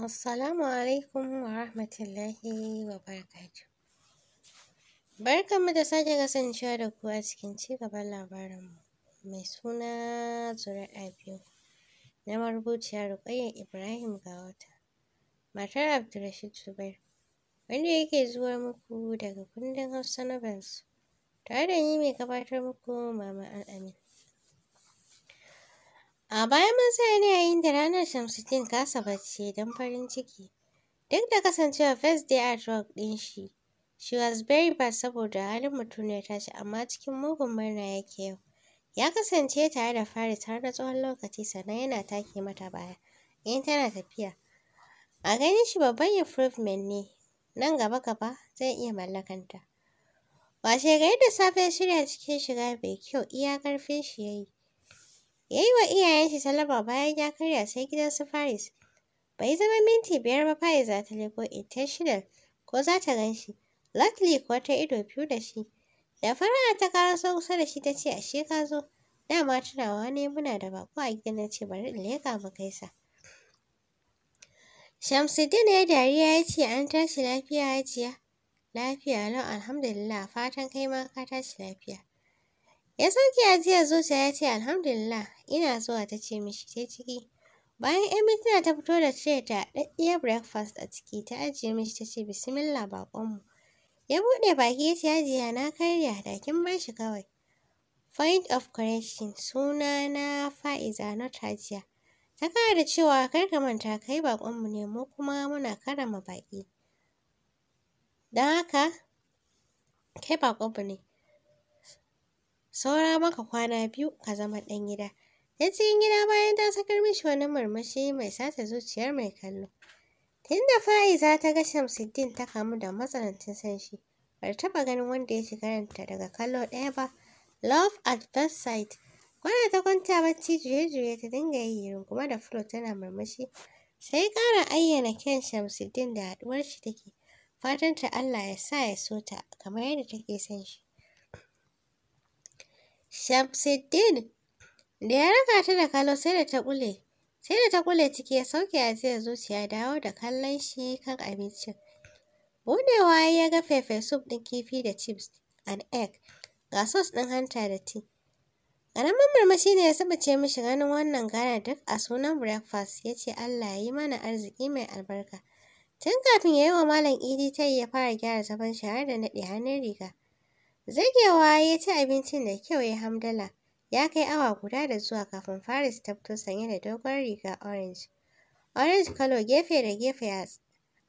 Assalamu alaikum wa rahmatullahi wa barakatuh. Barkanmu da sake kasancewa da ku a cikin ci gaban mu. mai suna Zura'a biyu na marubuciya Ruqayyah Ibrahim Gawata, matar Abdulrashid Zubair, wanda yake zuwa muku daga kundin Hausa na bansu tare da ni mai gabatar muku Mama Al'amin. A baya mun saya ne yayin da ranar Shamsuddin kasa bacci don farin ciki. Duk da kasancewa first day at work din shi, she was very bad saboda halin mutum ya tashi amma cikin mugun murna yake yau. Ya kasance tare da Faris har da tsohon lokaci sannan yana take mata baya in tana tafiya. A ganin shi babban improvement ne, nan gaba gaba zai iya mallakanta. Washe gari da safe shirya cikin shiga mai kyau iya ƙarfin shi ya yi. Ya yi wa iyayensa salama bayan ya karya sai gidan su Faris. Bai zama minti biyar ba Faris za ta leko intentional ko za ta gan shi. Luckily kuwa ta ido biyu da shi. Da fara ta karaso kusa da shi ta ce ashe ka zo. Dama tunawa ne muna da bako a gidan na ce bari in leka mu sa. Shamsuddin ya dariya ya ce an tashi lafiya jiya. Lafiya lau alhamdulillah fatan kai ma ka tashi lafiya. Ya sauke ajiya zuciya ya ce alhamdulillah ina zuwa ta ce mishi sai ciki. Bayan ‘yan mintuna ta fito da tire ta, haɗaɗɗiyar breakfast a ciki ta ajiye mishi ta ce bismillah baƙonmu. Ya buɗe baki ya ce hajiya na karya da kin bar shi kawai. Point of correction suna na fa'iza na tajiya Ta kara da cewa kar ka manta kai baƙonmu ne mu kuma muna karama baƙi. Don haka kai baƙonmu ne. Saura maka kwana biyu ka zama ɗan gida. Ya cikin gida bayan ta sakar mishi wani murmushi mai sata zuciyar mai kallo. Tun fa’i Fa'iza ta ga Shamsuddin ta kamu da matsanancin san shi, ta taɓa ganin wanda ya shiga ranta daga kallo ɗaya ba. Love at first sight. Kwana ta kwanta bacci juye-juye ta dinga yi kuma da fulo tana murmushi. Sai ƙara ayyana kyan Shamsuddin da haɗuwar shi take. Fatan ta Allah ya sa ya so ta kamar yadda take son shi. Shamsuddin Da ya raka ta da kallo sai da ta ƙule. Sai da ta ƙule ciki ya sauke zai zuciya dawo da kallon shi kan abincin. Budewa ya ga fefe soup ɗin kifi da chips and egg ga sos ɗin hanta da tea. Ƙaramin murmushi ne ya sabace mishi ganin wannan gana duk a sunan breakfast ya ce Allah ya yi mana arziki mai albarka. Tun kafin ya yi wa Malam Idi ta ya fara gyara zaban shahar da naɗe hannun riga. Zagewa ya ci abincin da kyau ya hamdala. Ya kai awa guda da zuwa kafin Faris ta fito sanye da dogon riga orange. Orange kalo gefe da gefe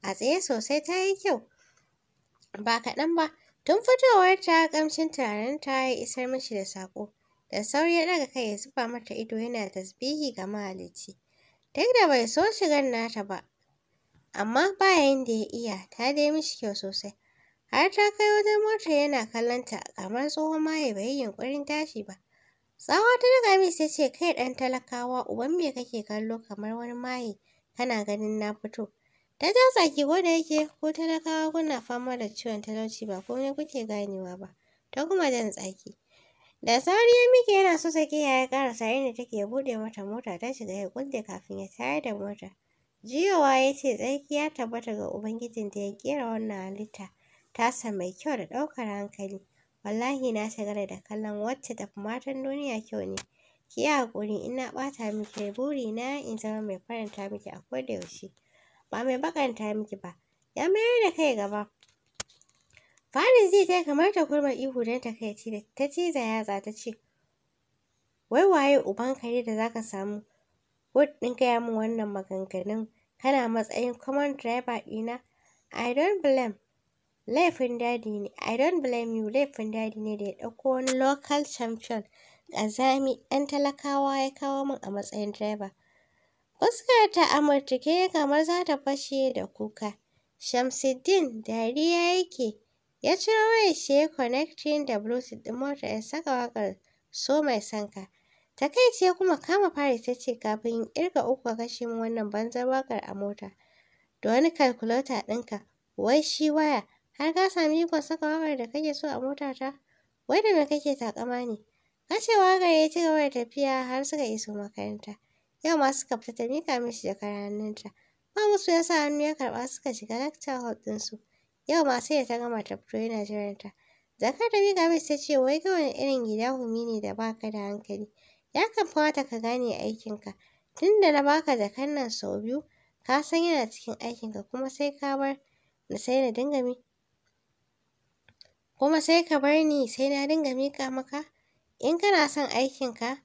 a tsaye sosai ta yi kyau. Ba kaɗan ba, tun fitowar ta ƙamshin turaren ta ya isar mashi da saƙo. Da sauri ya ɗaga kai ya zuba mata ido yana tasbihi ga mahalicci. Duk da bai so shigar nata ba, amma ba da ya iya, ta dai mishi kyau sosai. Har ta kai wajen mota yana kallonta kamar tsohon maye bai yi yunƙurin tashi ba. Tsawa ta daga min sai ce kai ɗan talakawa uban me kake kallo kamar wani maye kana ganin na fito. Ta ja tsaki ko da yake ko talakawa kuna fama da ciwon talauci ba komai kuke ganewa ba. Ta kuma jan tsaki. Da sauri ya mike yana so sake ya ya ƙara sayin inda take buɗe mata mota ta shiga ya kulle kafin ya tayar da mota. Jiyowa ya ce tsarki ya tabbata ga Ubangijin da ya ƙera wannan halitta tasa mai kyau da ɗaukar hankali. Wallahi na shagara da kallon wacce tafi matan duniya kyau ne. Ki yi haƙuri in na ɓata miki rai buri na in zama mai faranta miki a koda yaushe. Ba mai baƙanta miki ba. Ya mayar da kai gaba. farin zai ta kamar ta kurma ihu don ta kai da ta ciza yatsa ta ce, Wai waye ubanka ne da zaka samu ko ɗin gaya min wannan maganganun kana matsayin common driver ɗina? I don't blame Laifin Dadi ne. I don't blame you. Laifin Dadi ne da ya ɗauko wani local champion ƙazami 'yan talakawa ya kawo min a matsayin direba. Fuskarta ta murtuke kamar za ta fashe da kuka. Shamsuddin dariya yake. Ya ciro ya shi ya connecting da Bluetooth ɗin mota ya saka waƙar So Mai Sanka. kai ya kuma kama fara ta ce kafin in ƙirga uku ka kashe min wannan banzar waƙar a mota. Da wani calculator ɗinka, wai shi waya. Har ka sami ikon saka wayar da kake so a motata? Wai da me kake takama ne? Ka ce waƙar ya ci gaba da tafiya har suka iso makaranta. Yau ma suka fita ta miƙa mishi jakar hannunta. Ba musu ya sa hannu ya karɓa suka shiga lecture hall ɗinsu. Yau ma sai ta gama ta fito yana ta Zakar da mika mishi ta ce wai ga irin gida humi ne da baka da hankali. Ya kamata ka gane aikinka. Tunda na baka jakan nan sau biyu, ka san yana cikin aikinka kuma sai ka bar na sai na dinga mi. kuma sai ka bar ni sai na dinga mika maka? In kana son aikinka,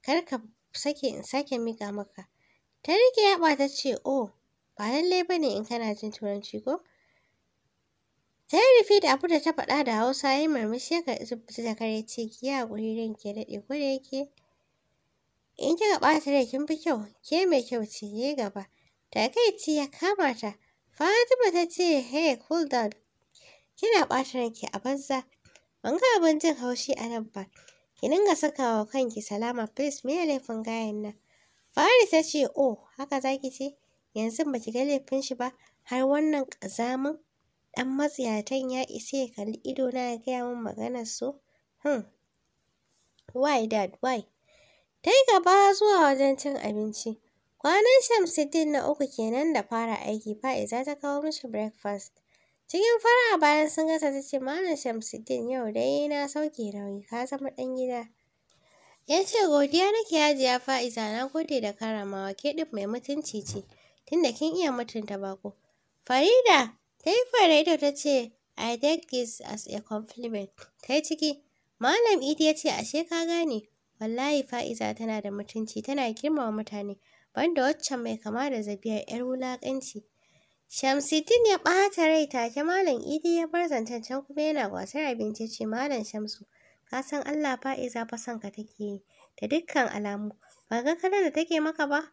kar ka sake in sake mika maka. Ta rike ya ta ce, o! ba lallai ba ne in kana jin Turanci ko? Ta yi rufe da abu da ta faɗa da Hausa ya yi murmushi ya karɓi zubta da kare ce, ki ya guri ran ke daɗe ko da yake. In kika ɓata rai kin fi kyau, ke mai kyau ce, ya yi gaba. Takaici ya kama Fatima ta ce, hey, cool down. kina ɓata ranki a banza. Ban ga abin jin haushi a nan ba. Ki dinga saka wa kanki salama please me laifin gayan nan. Fari ta ce oh haka za ki ce yanzu ba ki ga laifin shi ba har wannan ƙazamin ɗan matsiyatan ya isa ya kalli ido na ya gaya min maganar so. Hmm. Why dad why? Ta yi gaba zuwa wajen cin abinci. Kwanan Shamsuddin na uku kenan da fara aiki fa'iza ta kawo mishi breakfast. Cikin fara bayan sun gasa ta ce Malam Shamsuddin yau dai na sauke nauyi ka zama ɗan gida. Ya ce godiya nake hajiya fa'iza na gode da karamawa ke ɗin mai mutunci ce tunda kin iya mutunta bako. Farida ta yi farida ta ce I take this as a compliment. Ta yi ciki Malam Idi ya ce ashe ka gane wallahi fa'iza tana da mutunci tana girmama mutane banda waccan mai kama da zabiyar 'yar wulaƙanci. Shamsuddin ya ɓata rai take Malam Idi ya bar zancen can kuma yana gwasar abinci ce Malam Shamsu. Ka san Allah fa'iza fa son ka take yi da dukkan alamu. Ba ga kalar da take maka ba?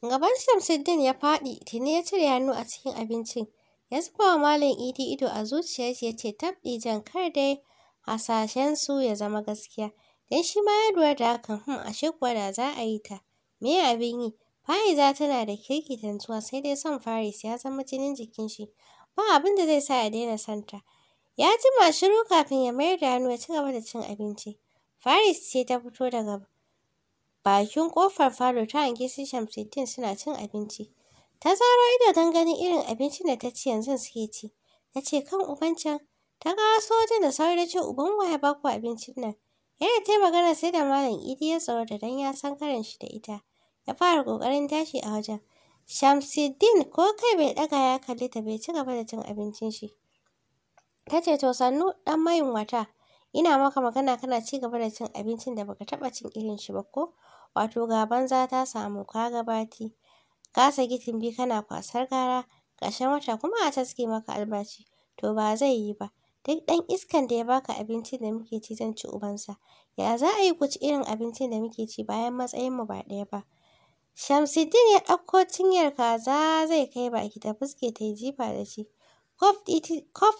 Gaban Shamsuddin ya faɗi tuni ya cire hannu a cikin abincin. Ya zuba wa Malam Idi ido a zuciyarsa ya ce tabɗi jan kar dai hasashen su ya zama gaskiya. Dan shi ma ya lura da hakan, hmm, a kuwa da za a yi ta. Me ya abin yi? Fa'iza tana da kirki tantuwa sai dai son Faris ya zama jinin jikin shi. Ba abin da zai sa ya daina santa. Ya ji ma shiru kafin ya mayar da hannu ya ci gaba da cin abinci. Faris ce ta fito daga bakin kofar falo ta hangi su Shamsuddin suna cin abinci. Ta zaro ido don ganin irin abincin da ta ci yanzu suke ci. Ta ce kan uban can, ta kawo wajen da sauri da ce uban waya ba ku abincin nan. Yana ta magana sai da Malam Idi ya tsoro da dan ya san karin shi da ita. Ya fara kokarin tashi a wajen. Shamsiddin ko kai bai ɗaga ya kalli ta bai ci gaba da cin abincin shi. Ta ce to sannu ɗan mayin wata. Ina maka magana kana ci gaba da cin abincin da baka taba cin irin shi ba ko? Wato ga banza ta samu ka gabati. Kasa gitin bi kana kwasar gara. Ƙarshen wata kuma a taske maka albashi. To ba zai yi ba. Duk ɗan iskan da ya baka abincin da muke ci zan ci ubansa. Ya za a yi ku ci irin abincin da muke ci bayan matsayin mu ba ɗaya ba? shamsiddin ya ɗauko cinyar kaza zai kai baki ta fuske ta yi jifa da shi. Kof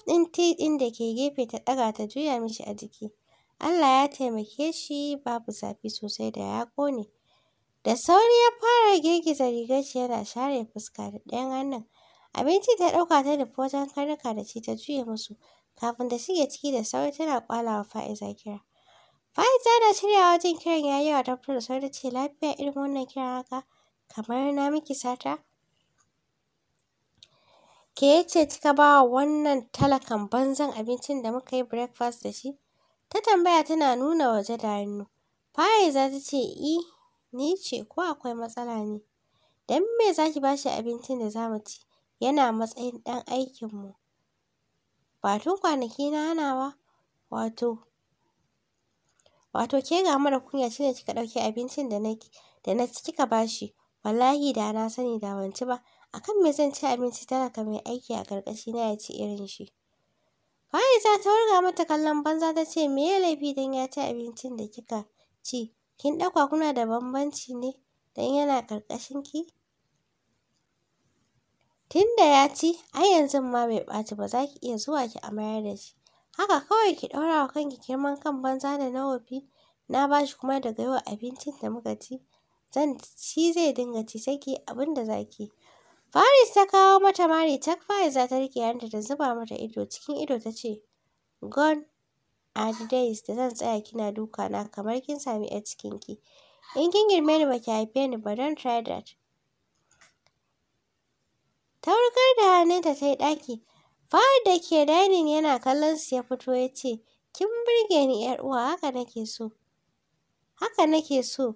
ɗin ti ɗin da ke gefe ta ɗaga ta juya mishi a jiki. Allah ya taimake shi babu zafi sosai da ya kone. Da sauri ya fara girgiza rigar shi yana share fuska da ɗayan hannun. Abinci ta ɗauka ta nufi wajen karnuka da ci ta juye musu. Kafin ta shige ciki da sauri tana kwalawa Fa'iza kira. Fa'iza na shirya wajen kiran yayi yawa ta fito da sauri ce lafiya irin wannan kiran haka kamar na miki sata. Ke ce kika ba wa wannan talakan banzan abincin da muka yi breakfast da shi? Ta tambaya tana nuna waje da hannu. Fa'iza ta ce i eh, ni ce ko akwai matsala ne? Don me za ki ba shi abincin da za mu ci? Yana matsayin ɗan aikinmu. Ba kwanaki na hana wato, wato ke ga mara kunya shine kika ɗauki abincin da na, da na ci kika bashi. Wallahi da na sani da wanci ba. Akan me zan ci abinci ka mai aiki a karkashi na ya ci irin shi. Fa'iza ta wurga mata kallon banza ta ce me ya laifi dan ya ci abincin da kika ci? Kin ɗauka kuna da bambanci ne dan yana karkashin ki? Tunda ya ci, ai yanzu ma bai ɓaci ba za ki iya zuwa ki amayar da shi. Haka kawai ki ɗora wa kanki girman kan banza da na wofi. Na ba shi kuma daga yau abincin da muka ci, zan shi zai dinga ci sai ki abin da za ki Faris ta kawo mata mari takfai, zata ta riƙe hannunta da zuba mata ido cikin ido ta ce, Gone a da zan tsaya kina duka na kamar kin sami cikin ki. In kin girme ni ba ki haife ni ba don try that. warkar da hannunta ta yi ɗaki. Fahad da ke dainin yana kallon su ya fito ya ce, Kin burge ni ‘yar uwa haka nake so. Haka nake so.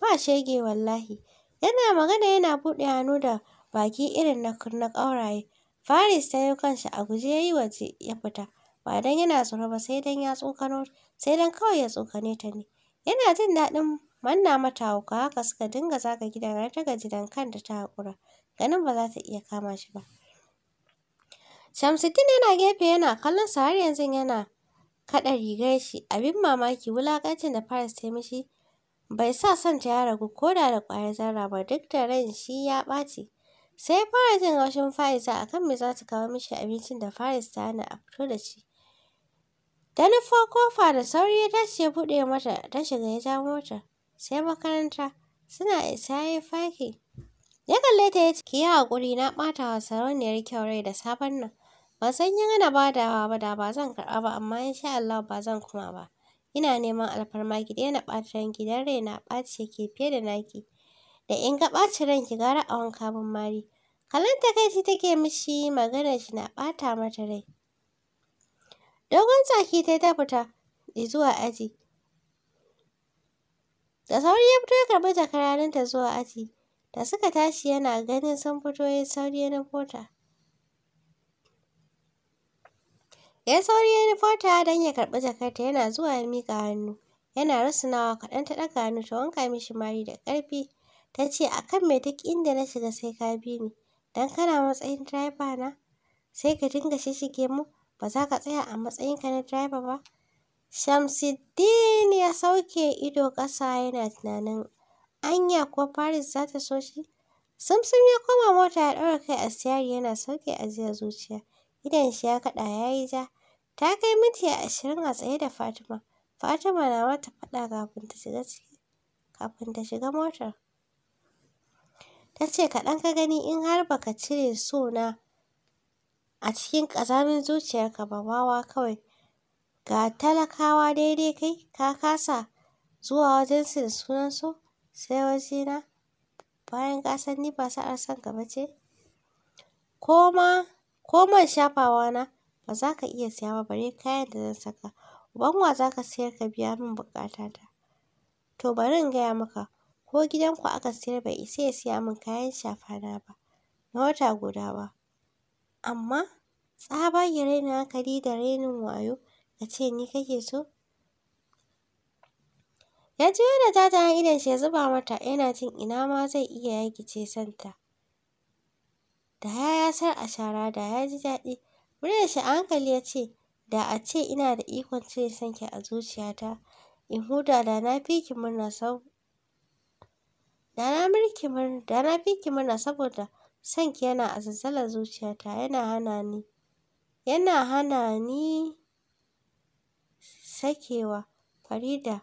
Ba shege wallahi. Yana magana yana buɗe hannu da baki irin na na ƙauraye. Faris ta yi kanshi a guje ya yi waje ya fita. Ba don yana tsoro ba sai don ya tsokano sai don kawai ya tsokane ta ne. Yana jin daɗin manna mata hauka haka suka dinga zaga gidan ta gaji don kanta ta haƙura. ganin ba za ta iya kama shi ba. Shamsuddin yana gefe yana kallon sa har yanzu yana kaɗa rigar shi abin mamaki wulakacin da Faris ta mishi bai sa son ta ya ragu ko da da ƙwayar zarra ba duk da ran shi ya ɓaci. Sai fara jin haushin faris a kan me za ta kawo mishi abincin da Faris ta hana a fito da shi. Da nufo kofa da sauri ya tashi ya buɗe mata ta shiga ya ja mota Sai makaranta suna isa ya yi Ya kalle ta ya ciki, ki yi na ɓata wa sarauniyar kyau rai da sabon nan. Ban san yin ana badawa ba da ba zan karɓa ba amma insha Allah ba zan kuma ba. Ina neman alfarma ki daina ɓata ranki don rai na ɓaci ke fiye da naki. Da in ga ɓaci ranki gara a wanka bin mari. Kallon takaici take mishi magana shi na ɓata mata rai. Dogon tsaki ta ta fita zuwa aji. Da sauri ya fito ya karɓi jakar zuwa aji. Da suka tashi yana ganin sun fito ya sauri ya fota ta. Ya sauri na fota don ya karɓi jakarta yana zuwa ya miƙa hannu. Yana rusunawa kaɗan ta ɗaga hannu ta wanka mishi mari da ƙarfi. Ta ce a kan me duk inda na shiga sai ka bi ni. Dan kana matsayin direba na sai ka dinga shishige mu ba za ka tsaya a matsayinka na direba ba. Shamsiddin ya sauke ido ƙasa yana tunanin Anya ko Paris za ta so shi? Samsam ya koma mota ya ɗaura kai a siyari yana sauke ajiyar zuciya. Idan shi ya kaɗa ya yi ja. Ta kai minti ashirin a tsaye da Fatima. Fatima na mata faɗa kafin ta shiga ciki, kafin ta shiga motar. Ta ce kaɗan ka gani in har ka cire so na a cikin ƙazamin zuciyarka ba wawa kawai. Ga talakawa daidai kai ka kasa zuwa wajensu da sunan su. sai na? bayan kasan ni ba sa'ar son gaba ce. Ko man shafawa na ba za ka iya siya ba bare kayan da zan saka. Uban wa za ka sayar ka biya min ta? To bari in gaya maka, ko gidan ku aka siyar bai isa ya siya min kayan shafa na ba, na wata guda ba. Amma tsabagen rainin hankali da rainin wayo ka ce ni kake so? Ya ji ta ta idon shi ya zuba mata yana cin ina ma zai iya yakice santa. Da ya sar a shara da ya ji daɗi. Muryar shi a hankali ya ce, da a ce ina da ikon cire sanki a zuciyata, in huda da na fi ki murna saboda sanki yana a zazzalar zuciyata yana hana ni. Yana hana ni sakewa Farida.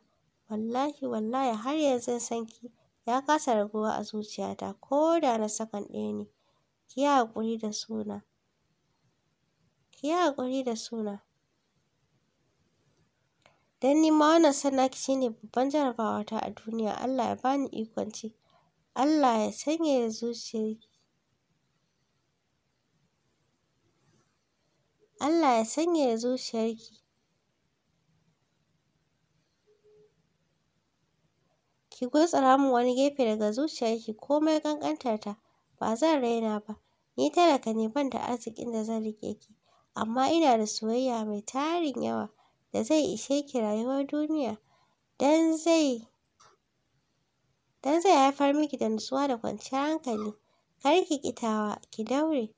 Wallahi wallahi har yanzu san sanki ya kasa raguwa a zuciyata ko da na sakan ɗaya ne. Ki yi haƙuri da suna, ki yi haƙuri da suna. Dan ni ma wannan sannan ki shine babban jarabawata a duniya. Allah ya bani ikon ci. Allah ya ya zuciyarki. Allah ya sanyaya zuciyarki. Ki gutsura min wani gefe daga zuciyarki komai ta ba zan raina ba. Ni talaka ne ban da arzikin da zan rike ki, amma ina da soyayya mai tarin yawa da zai ishe ki rayuwar duniya, don zai dan zai haifar miki da nutsuwa da kwanciyar hankali. Kar ki kitawa ki daure.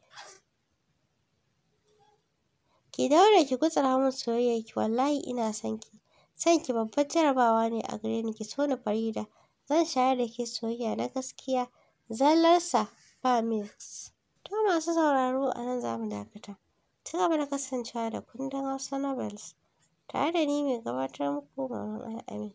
Ki daure ki gutsura min ki wallahi ina son ki. San ki babbar jarabawa ne a gare ni ki so ni Farida. Zan shayar da ke soyayya na gaskiya, zallarsa ba mix. To masu sauraro a nan za mu dakata. Ci gaba da kasancewa da kundin Hausa Novels tare da ni mai gabatar muku Maman Al'amin.